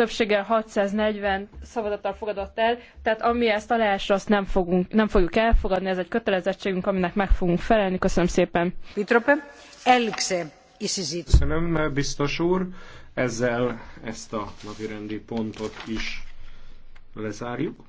többséggel 640 szavazattal fogadott el, tehát ami ezt aláásra, azt nem, fogunk, nem fogjuk elfogadni, ez egy kötelezettségünk, aminek meg fogunk felelni. Köszönöm szépen. Pitrope, elükse. Köszönöm, biztos úr. Ezzel ezt a napirendi pontot is lezárjuk.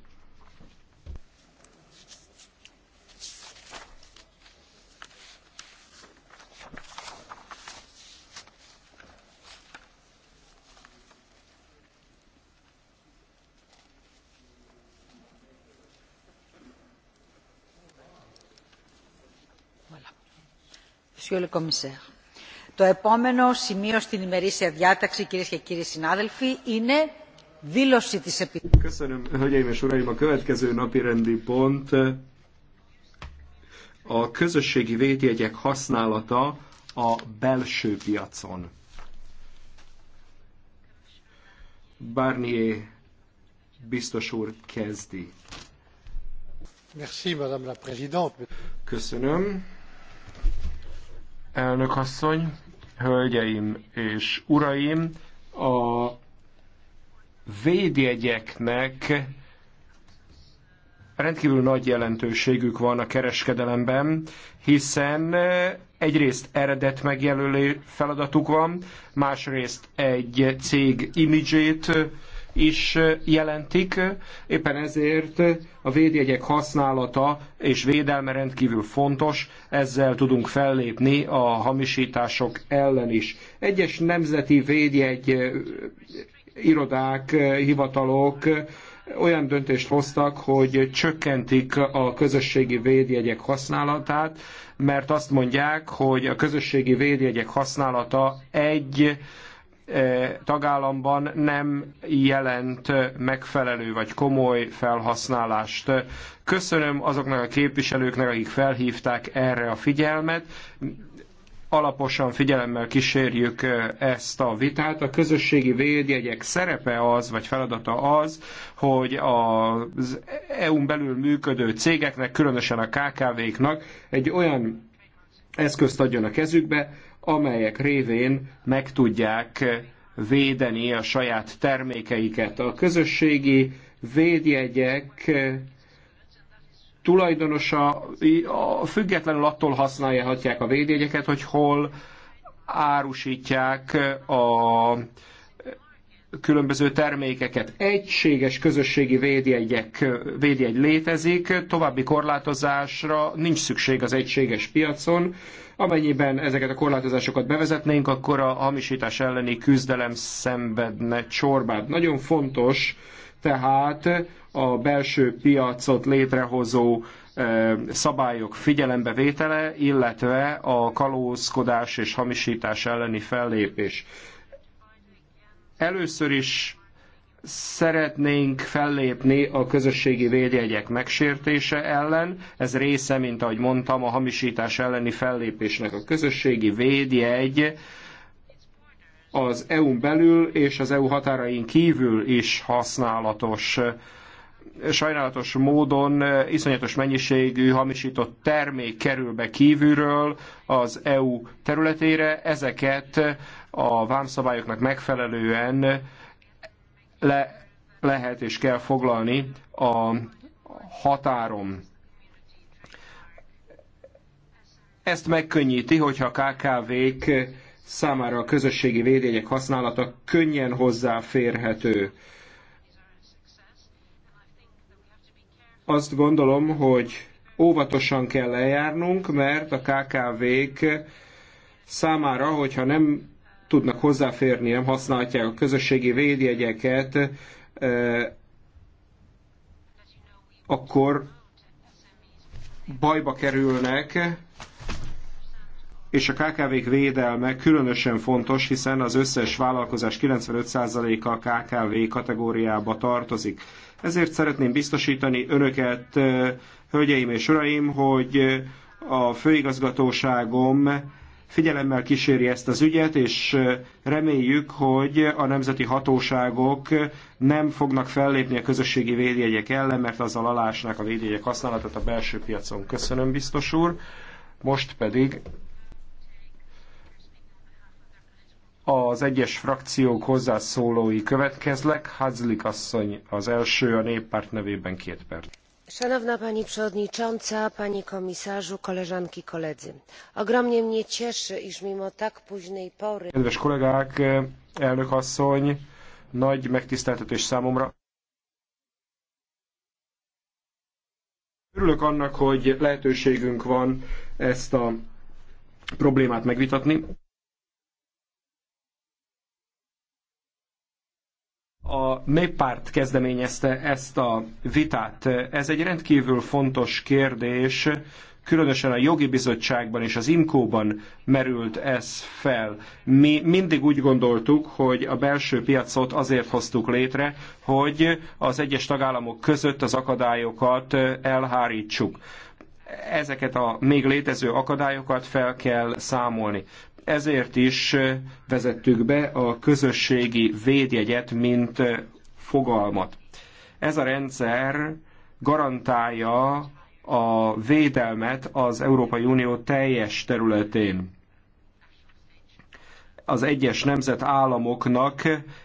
Το επόμενο σημείο στην ημερήσια διάταξη, κυρίες και κύριοι συνάδελφοι, είναι δήλωση της Επιτροπής. Köszönöm, hölgyeim és uraim, a következő napi rendi pont a közösségi védjegyek használata a belső piacon. Barnier biztos úr kezdi. Merci, Madame la Présidente. Köszönöm elnökasszony, hölgyeim és uraim, a védjegyeknek rendkívül nagy jelentőségük van a kereskedelemben, hiszen eh, egyrészt eredet megjelölő feladatuk van, másrészt egy cég imidzsét is jelentik, éppen ezért a védjegyek használata és védelme rendkívül fontos, ezzel tudunk fellépni a hamisítások ellen is. Egyes nemzeti védjegy irodák, hivatalok olyan döntést hoztak, hogy csökkentik a közösségi védjegyek használatát, mert azt mondják, hogy a közösségi védjegyek használata egy E, tagállamban nem jelent megfelelő vagy komoly felhasználást. Köszönöm azoknak a képviselőknek, akik felhívták erre a figyelmet. Alaposan figyelemmel kísérjük ezt a vitát. A közösségi védjegyek szerepe az, vagy feladata az, hogy az EU-n belül működő cégeknek, különösen a KKV-knak egy olyan eszközt adjon a kezükbe, amelyek révén meg tudják védeni a saját termékeiket. A közösségi védjegyek eh, tulajdonosa függetlenül attól használhatják a védjegyeket, hogy hol árusítják eh, a különböző termékeket. Egységes közösségi védjegyek, védjegy létezik, további korlátozásra nincs szükség az egységes piacon. Amennyiben ezeket a korlátozásokat bevezetnénk, akkor a hamisítás elleni küzdelem szenvedne csorbát. Nagyon fontos tehát a belső piacot létrehozó szabályok figyelembevétele, illetve a kalózkodás és hamisítás elleni fellépés. Először is szeretnénk fellépni a közösségi védjegyek megsértése ellen. Ez része, mint ahogy mondtam, a hamisítás elleni fellépésnek. A közösségi védjegy az EU-n belül és az EU határain kívül is használatos sajnálatos módon eh, iszonyatos mennyiségű hamisított termék kerül be kívülről az EU területére. Ezeket a vámszabályoknak megfelelően le, lehet és kell foglalni a határon. Ezt megkönnyíti, hogyha a KKV-k számára a közösségi védények használata könnyen hozzáférhető azt gondolom, hogy óvatosan kell eljárnunk, mert a KKV-k számára, hogyha nem tudnak hozzáférni, nem használhatják a közösségi védjegyeket, akkor bajba kerülnek, és a KKV-k védelme különösen fontos, hiszen az összes vállalkozás 95%-a a KKV kategóriába tartozik. Ezért szeretném biztosítani önöket, hölgyeim és uraim, hogy a főigazgatóságom figyelemmel kíséri ezt az ügyet, és reméljük, hogy a nemzeti hatóságok nem fognak fellépni a közösségi védjegyek ellen, mert azzal alásnák a védjegyek használatát a belső piacon. Köszönöm, biztos úr. Most pedig az egyes frakciók hozzászólói következnek. Hadzlik asszony az első, a néppárt nevében két perc. Szanowna Pani Przewodnicząca, Panie Komisarzu, Koleżanki, Koledzy. Ogromnie mnie cieszy, iż mimo tak późnej pory... Kedves kollégák, elnök asszony, nagy megtiszteltetés számomra. Örülök annak, hogy lehetőségünk van ezt a problémát megvitatni a néppárt kezdeményezte ezt a vitát. Ez egy rendkívül fontos kérdés, különösen a jogi bizottságban és az imkóban ban merült ez fel. Mi mindig úgy gondoltuk, hogy a belső piacot azért hoztuk létre, hogy az egyes tagállamok között az akadályokat elhárítsuk ezeket a még létező akadályokat fel kell számolni. Ezért is vezettük be a közösségi védjegyet, mint fogalmat. Ez a rendszer garantálja a védelmet az Európai Unió teljes területén. Az egyes nemzetállamoknak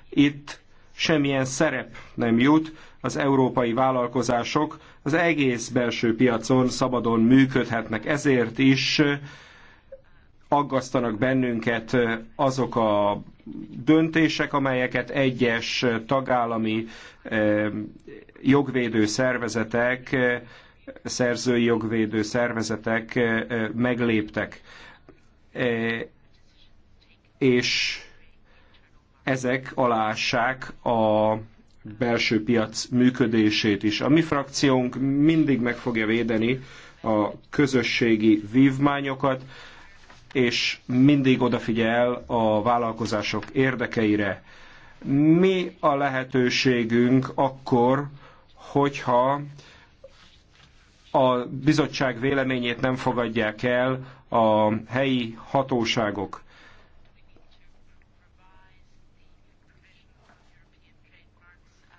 itt semmilyen szerep nem jut, az európai vállalkozások az egész belső piacon szabadon működhetnek. Ezért is aggasztanak bennünket azok a döntések, amelyeket egyes tagállami jogvédő szervezetek, szerzői jogvédő szervezetek megléptek. És ezek alássák a belső piac működését is. A mi frakciónk mindig meg fogja védeni a közösségi vívmányokat, és mindig odafigyel a vállalkozások érdekeire. Mi a lehetőségünk akkor, hogyha a bizottság véleményét nem fogadják el a helyi hatóságok.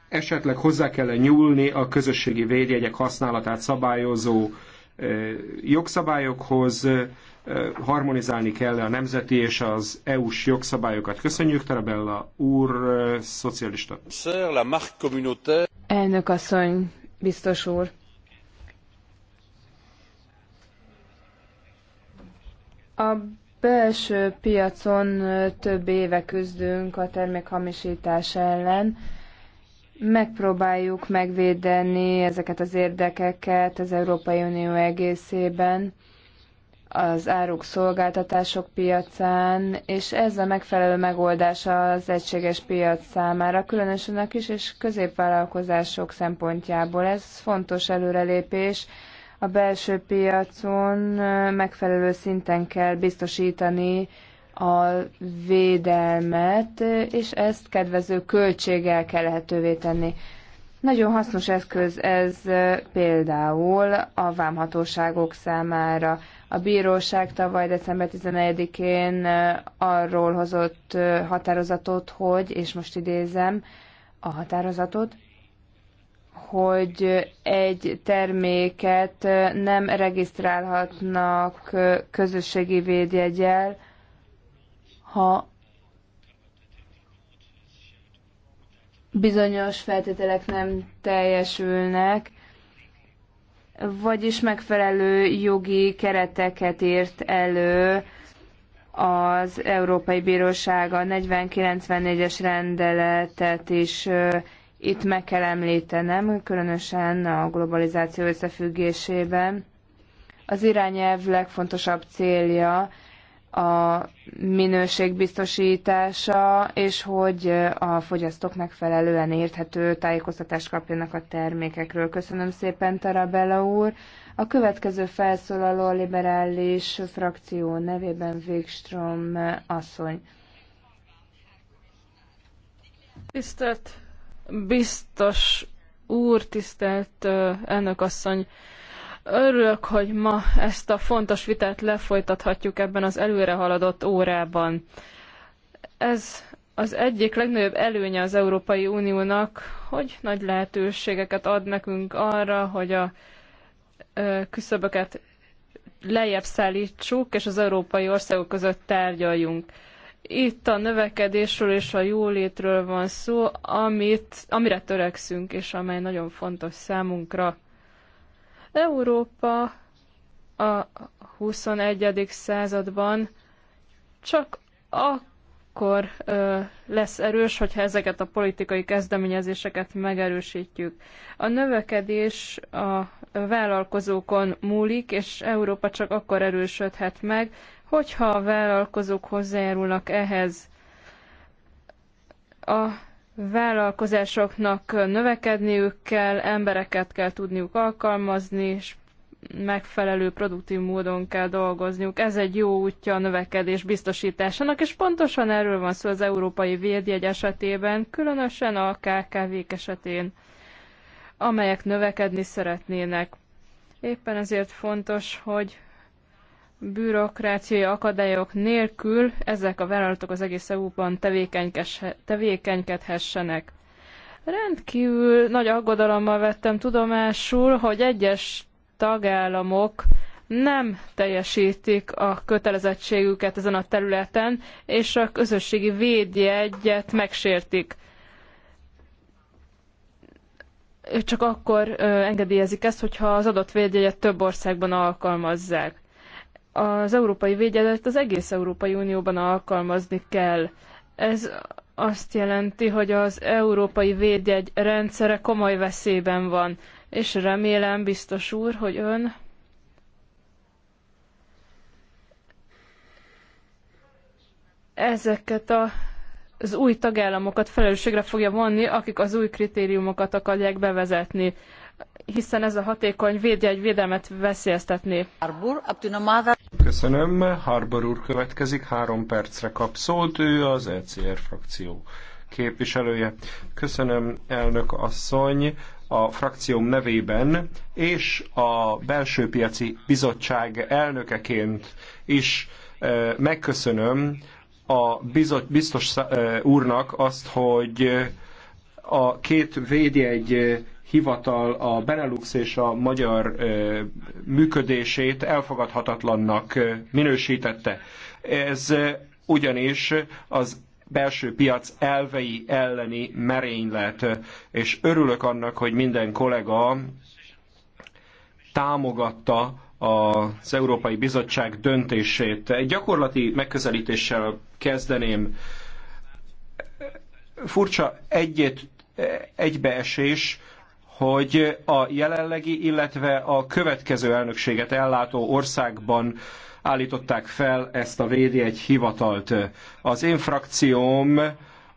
Esetleg hozzá kell nyúlni a közösségi védjegyek használatát szabályozó eh, jogszabályokhoz, harmonizálni kell a nemzeti és az EU-s jogszabályokat. Köszönjük, Tarabella úr, szocialista. Elnök asszony, biztos úr. A belső piacon több éve küzdünk a termékhamisítás ellen. Megpróbáljuk megvédeni ezeket az érdekeket az Európai Unió egészében az áruk szolgáltatások piacán, és ez a megfelelő megoldás az egységes piac számára, különösen a kis és középvállalkozások szempontjából. Ez fontos előrelépés. A belső piacon megfelelő szinten kell biztosítani a védelmet, és ezt kedvező költséggel kell lehetővé tenni. Nagyon hasznos eszköz ez például a vámhatóságok számára. A bíróság tavaly december 11-én arról hozott határozatot, hogy, és most idézem a határozatot, hogy egy terméket nem regisztrálhatnak közösségi védjegyel, ha bizonyos feltételek nem teljesülnek, vagyis megfelelő jogi kereteket írt elő az Európai Bíróság a 4094-es rendeletet is itt meg kell említenem, különösen a globalizáció összefüggésében. Az irányelv legfontosabb célja a minőség biztosítása, és hogy a fogyasztók megfelelően érthető tájékoztatást kapjanak a termékekről. Köszönöm szépen, Tarabella úr. A következő felszólaló a liberális frakció nevében Végström asszony. Tisztelt biztos úr, tisztelt asszony, Örülök, hogy ma ezt a fontos vitát lefolytathatjuk ebben az előre haladott órában. Ez az egyik legnagyobb előnye az Európai Uniónak, hogy nagy lehetőségeket ad nekünk arra, hogy a küszöböket lejjebb szállítsuk, és az európai országok között tárgyaljunk. Itt a növekedésről és a jólétről van szó, amit, amire törekszünk, és amely nagyon fontos számunkra. Európa a 21. században csak akkor ö, lesz erős, hogyha ezeket a politikai kezdeményezéseket megerősítjük. A növekedés a vállalkozókon múlik, és Európa csak akkor erősödhet meg, hogyha a vállalkozók hozzájárulnak ehhez. A vállalkozásoknak növekedniük kell, embereket kell tudniuk alkalmazni, és megfelelő produktív módon kell dolgozniuk. Ez egy jó útja a növekedés biztosításának, és pontosan erről van szó az európai védjegy esetében, különösen a KKV-k esetén, amelyek növekedni szeretnének. Éppen ezért fontos, hogy bürokráciai akadályok nélkül ezek a vállalatok az egész EU-ban tevékenykedhessenek. Rendkívül nagy aggodalommal vettem tudomásul, hogy egyes tagállamok nem teljesítik a kötelezettségüket ezen a területen, és a közösségi védjegyet megsértik. Csak akkor engedélyezik ezt, hogyha az adott védjegyet több országban alkalmazzák az európai védjegyet az egész Európai Unióban alkalmazni kell. Ez azt jelenti, hogy az európai védjegy rendszere komoly veszélyben van, és remélem, biztos úr, hogy ön ezeket a, az új tagállamokat felelősségre fogja vonni, akik az új kritériumokat akarják bevezetni hiszen ez a hatékony védjegy védelmet veszélyeztetné. Köszönöm. Harbour úr következik, három percre kap szólt, ő az ECR frakció képviselője. Köszönöm, elnök asszony a frakcióm nevében, és a belső piaci bizottság elnökeként is eh, megköszönöm a bizot, biztos eh, úrnak azt, hogy a két védjegy eh, hivatal a Benelux és a magyar működését elfogadhatatlannak minősítette. Ez ugyanis az belső piac elvei elleni merénylet, és örülök annak, hogy minden kollega támogatta az Európai Bizottság döntését. Egy gyakorlati megközelítéssel kezdeném. Furcsa egyet, egybeesés hogy a jelenlegi, illetve a következő elnökséget ellátó országban állították fel ezt a egy hivatalt. Az én frakcióm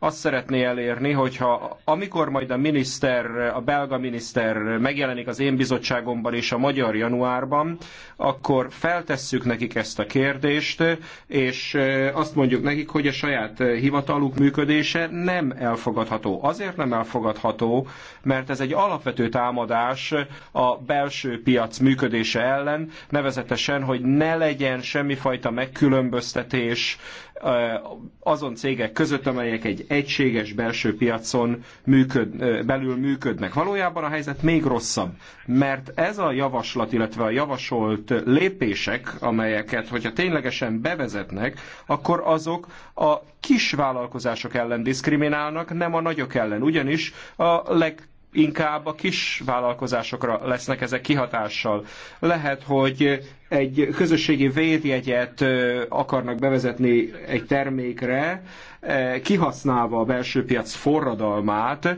azt szeretné elérni, hogyha amikor majd a miniszter, a belga miniszter megjelenik az én bizottságomban és a magyar januárban, akkor feltesszük nekik ezt a kérdést, és azt mondjuk nekik, hogy a saját hivataluk működése nem elfogadható. Azért nem elfogadható, mert ez egy alapvető támadás a belső piac működése ellen, nevezetesen, hogy ne legyen semmifajta megkülönböztetés azon cégek között, amelyek egy egységes belső piacon működ, belül működnek. Valójában a helyzet még rosszabb, mert ez a javaslat, illetve a javasolt lépések, amelyeket, hogyha ténylegesen bevezetnek, akkor azok a kis vállalkozások ellen diszkriminálnak, nem a nagyok ellen. Ugyanis a leg inkább a kis vállalkozásokra lesznek ezek kihatással. Lehet, hogy egy közösségi védjegyet akarnak bevezetni egy termékre, kihasználva a belső piac forradalmát,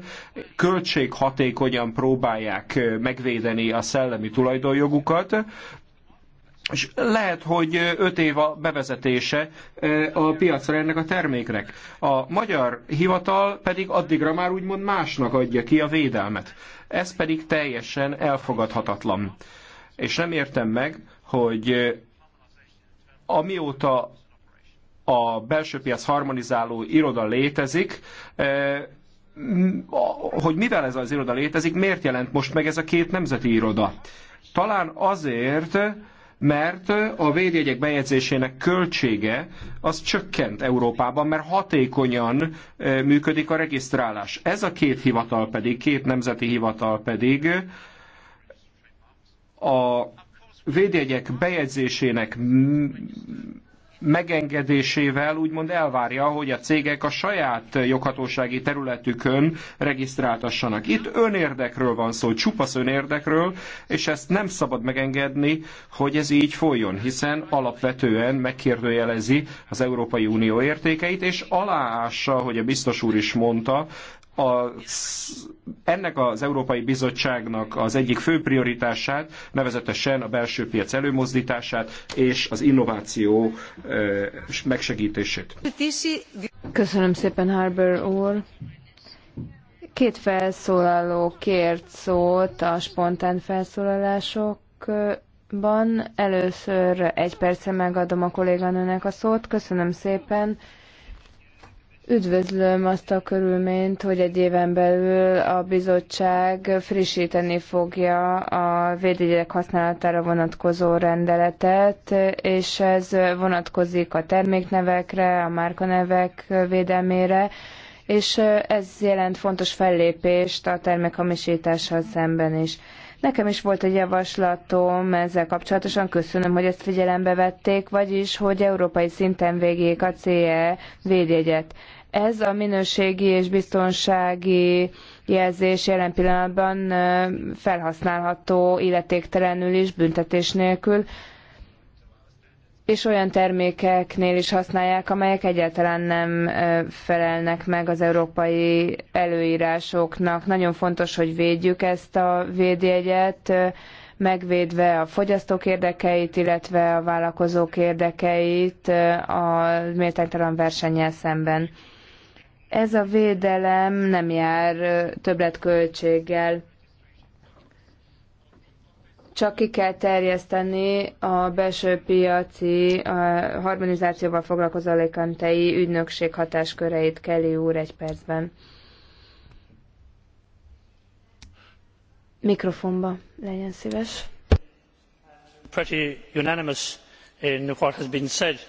költséghatékonyan próbálják megvédeni a szellemi tulajdonjogukat, és lehet, hogy öt év a bevezetése a piacra ennek a terméknek. A magyar hivatal pedig addigra már úgymond másnak adja ki a védelmet. Ez pedig teljesen elfogadhatatlan. És nem értem meg, hogy amióta a belső piac harmonizáló iroda létezik, hogy mivel ez az iroda létezik, miért jelent most meg ez a két nemzeti iroda? Talán azért, mert a védjegyek bejegyzésének költsége az csökkent Európában, mert hatékonyan működik a regisztrálás. Ez a két hivatal pedig, két nemzeti hivatal pedig a védjegyek bejegyzésének megengedésével úgymond elvárja, hogy a cégek a saját joghatósági területükön regisztráltassanak. Itt önérdekről van szó, csupasz önérdekről, és ezt nem szabad megengedni, hogy ez így folyjon, hiszen alapvetően megkérdőjelezi az Európai Unió értékeit, és aláássa, hogy a biztos úr is mondta, ennek az Európai Bizottságnak az egyik fő prioritását, nevezetesen a belső piac előmozdítását és az innováció megsegítését. Köszönöm szépen, Harbour úr. Két felszólaló kért szót a spontán felszólalásokban. Először egy percre megadom a kolléganőnek a szót. Köszönöm szépen. Üdvözlöm azt a körülményt, hogy egy éven belül a bizottság frissíteni fogja a védjegyek használatára vonatkozó rendeletet, és ez vonatkozik a terméknevekre, a márkanevek védelmére, és ez jelent fontos fellépést a termékhamisítással szemben is. Nekem is volt egy javaslatom ezzel kapcsolatosan, köszönöm, hogy ezt figyelembe vették, vagyis, hogy európai szinten végék a CE védjegyet. Ez a minőségi és biztonsági jelzés jelen pillanatban felhasználható illetéktelenül is, büntetés nélkül és olyan termékeknél is használják, amelyek egyáltalán nem felelnek meg az európai előírásoknak. Nagyon fontos, hogy védjük ezt a védjegyet, megvédve a fogyasztók érdekeit, illetve a vállalkozók érdekeit a méltánytalan versennyel szemben. Ez a védelem nem jár többletköltséggel csak ki kell terjeszteni a belső piaci a harmonizációval foglalkozó alékantei ügynökség hatásköreit, Kelly úr, egy percben. Mikrofonba legyen szíves. Pretty unanimous in what has been said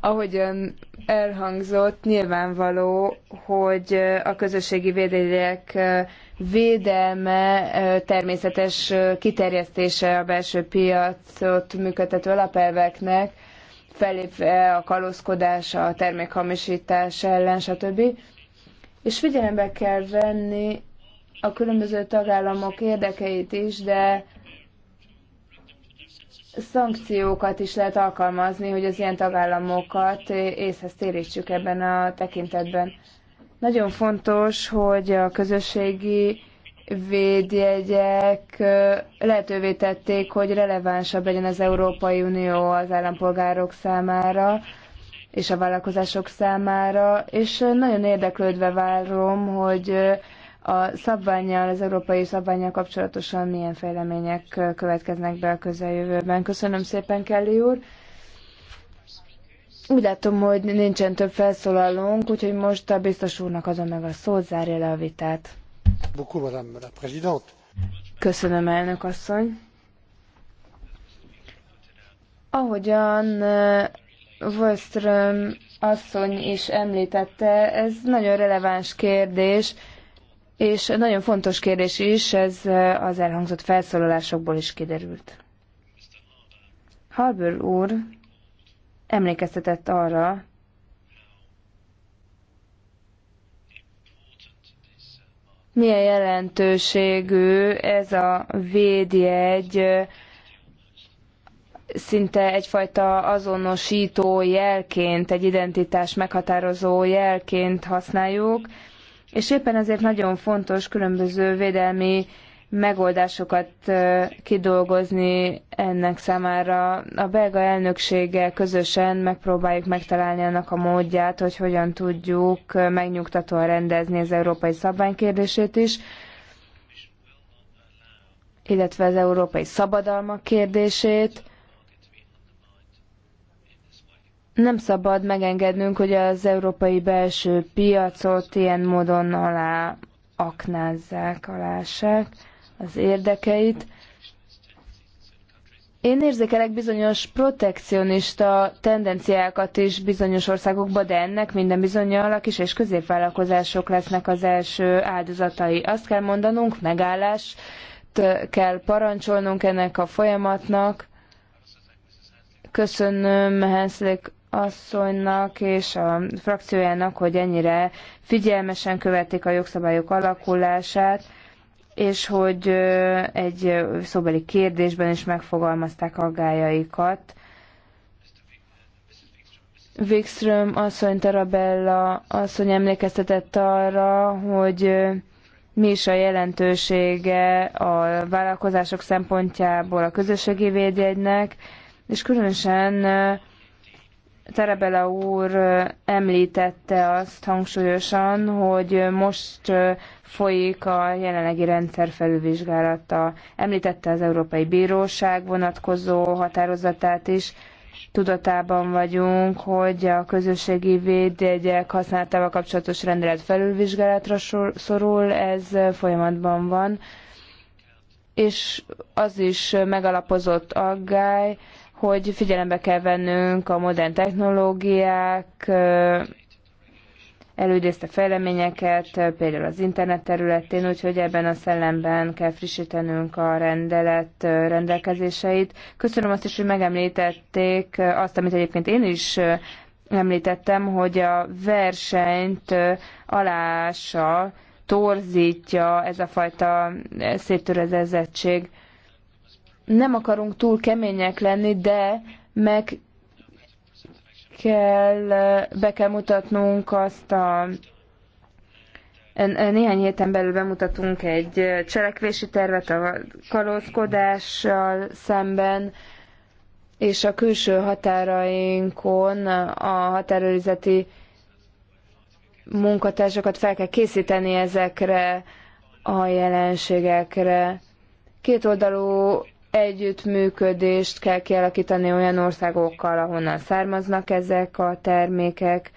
ahogy ön elhangzott, nyilvánvaló, hogy a közösségi védjegyek védelme természetes kiterjesztése a belső piacot működtető alapelveknek, fellépve a kalózkodás, a termékhamisítás ellen, stb. És figyelembe kell venni a különböző tagállamok érdekeit is, de szankciókat is lehet alkalmazni, hogy az ilyen tagállamokat észhez térítsük ebben a tekintetben. Nagyon fontos, hogy a közösségi védjegyek lehetővé tették, hogy relevánsabb legyen az Európai Unió az állampolgárok számára és a vállalkozások számára, és nagyon érdeklődve várom, hogy a szabványjal, az európai szabványjal kapcsolatosan milyen fejlemények következnek be a közeljövőben. Köszönöm szépen, Kelly úr! Úgy látom, hogy nincsen több felszólalónk, úgyhogy most a biztos úrnak adom meg a szót, zárja le a vitát. Köszönöm, elnök asszony. Ahogyan Wallström asszony is említette, ez nagyon releváns kérdés, és nagyon fontos kérdés is, ez az elhangzott felszólalásokból is kiderült. Harbour úr emlékeztetett arra, milyen jelentőségű ez a védjegy, szinte egyfajta azonosító jelként, egy identitás meghatározó jelként használjuk, és éppen ezért nagyon fontos különböző védelmi megoldásokat kidolgozni ennek számára. A belga elnökséggel közösen megpróbáljuk megtalálni annak a módját, hogy hogyan tudjuk megnyugtatóan rendezni az európai szabványkérdését is, illetve az európai szabadalmak kérdését, Nem szabad megengednünk, hogy az európai belső piacot ilyen módon alá aknázzák, alássák az érdekeit. Én érzékelek bizonyos protekcionista tendenciákat is bizonyos országokban, de ennek minden bizonyal a kis és középvállalkozások lesznek az első áldozatai. Azt kell mondanunk, megállást kell parancsolnunk ennek a folyamatnak. Köszönöm Henszlik asszonynak és a frakciójának, hogy ennyire figyelmesen követik a jogszabályok alakulását, és hogy egy szóbeli kérdésben is megfogalmazták aggájaikat. Wikström asszony, Tarabella asszony emlékeztetett arra, hogy mi is a jelentősége a vállalkozások szempontjából a közösségi védjegynek, és különösen Terebele úr említette azt hangsúlyosan, hogy most folyik a jelenlegi rendszer felülvizsgálata. Említette az Európai Bíróság vonatkozó határozatát is. Tudatában vagyunk, hogy a közösségi védjegyek használatával kapcsolatos rendelet felülvizsgálatra szorul, ez folyamatban van. És az is megalapozott aggály, hogy figyelembe kell vennünk a modern technológiák, elődészte fejleményeket, például az internet területén, úgyhogy ebben a szellemben kell frissítenünk a rendelet rendelkezéseit. Köszönöm azt is, hogy megemlítették azt, amit egyébként én is említettem, hogy a versenyt alása, torzítja ez a fajta széttöredezettség nem akarunk túl kemények lenni, de meg kell, be kell mutatnunk azt a néhány héten belül bemutatunk egy cselekvési tervet a kalózkodással szemben, és a külső határainkon a határőrizeti munkatársakat fel kell készíteni ezekre a jelenségekre. Kétoldalú Együttműködést kell kialakítani olyan országokkal, ahonnan származnak ezek a termékek,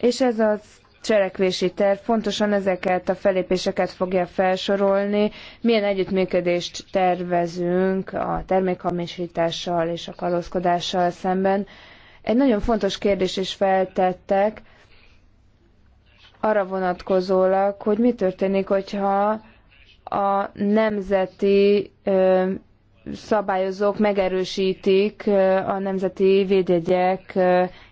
és ez a cselekvési terv pontosan ezeket a felépéseket fogja felsorolni, milyen együttműködést tervezünk a termékhamisítással és a kalózkodással szemben. Egy nagyon fontos kérdés is feltettek, arra vonatkozólag, hogy mi történik, hogyha a nemzeti szabályozók megerősítik a nemzeti védjegyek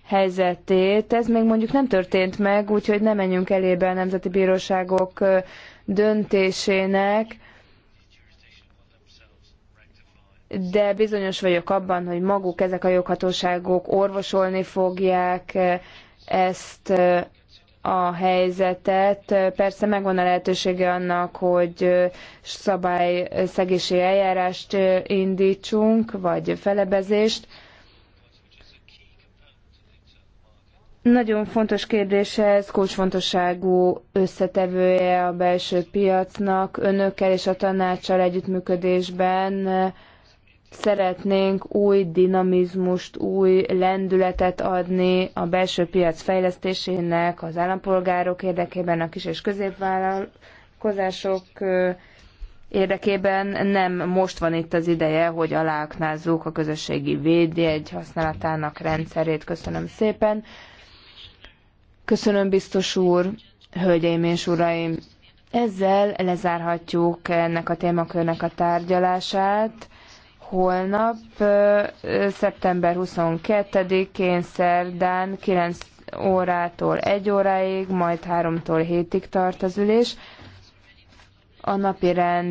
helyzetét. Ez még mondjuk nem történt meg, úgyhogy nem menjünk elébe a nemzeti bíróságok döntésének, de bizonyos vagyok abban, hogy maguk ezek a joghatóságok orvosolni fogják ezt a helyzetet. Persze megvan a lehetősége annak, hogy szabályszegési eljárást indítsunk, vagy felebezést. Nagyon fontos kérdés ez, kulcsfontosságú összetevője a belső piacnak. Önökkel és a tanácssal együttműködésben szeretnénk új dinamizmust, új lendületet adni a belső piac fejlesztésének, az állampolgárok érdekében, a kis- és középvállalkozások érdekében nem most van itt az ideje, hogy aláknázzuk a közösségi védjegy használatának rendszerét. Köszönöm szépen. Köszönöm, biztos úr, hölgyeim és uraim. Ezzel lezárhatjuk ennek a témakörnek a tárgyalását holnap, szeptember 22-én, szerdán 9 órától 1 óráig, majd 3-tól 7-ig tart az ülés. A napi rend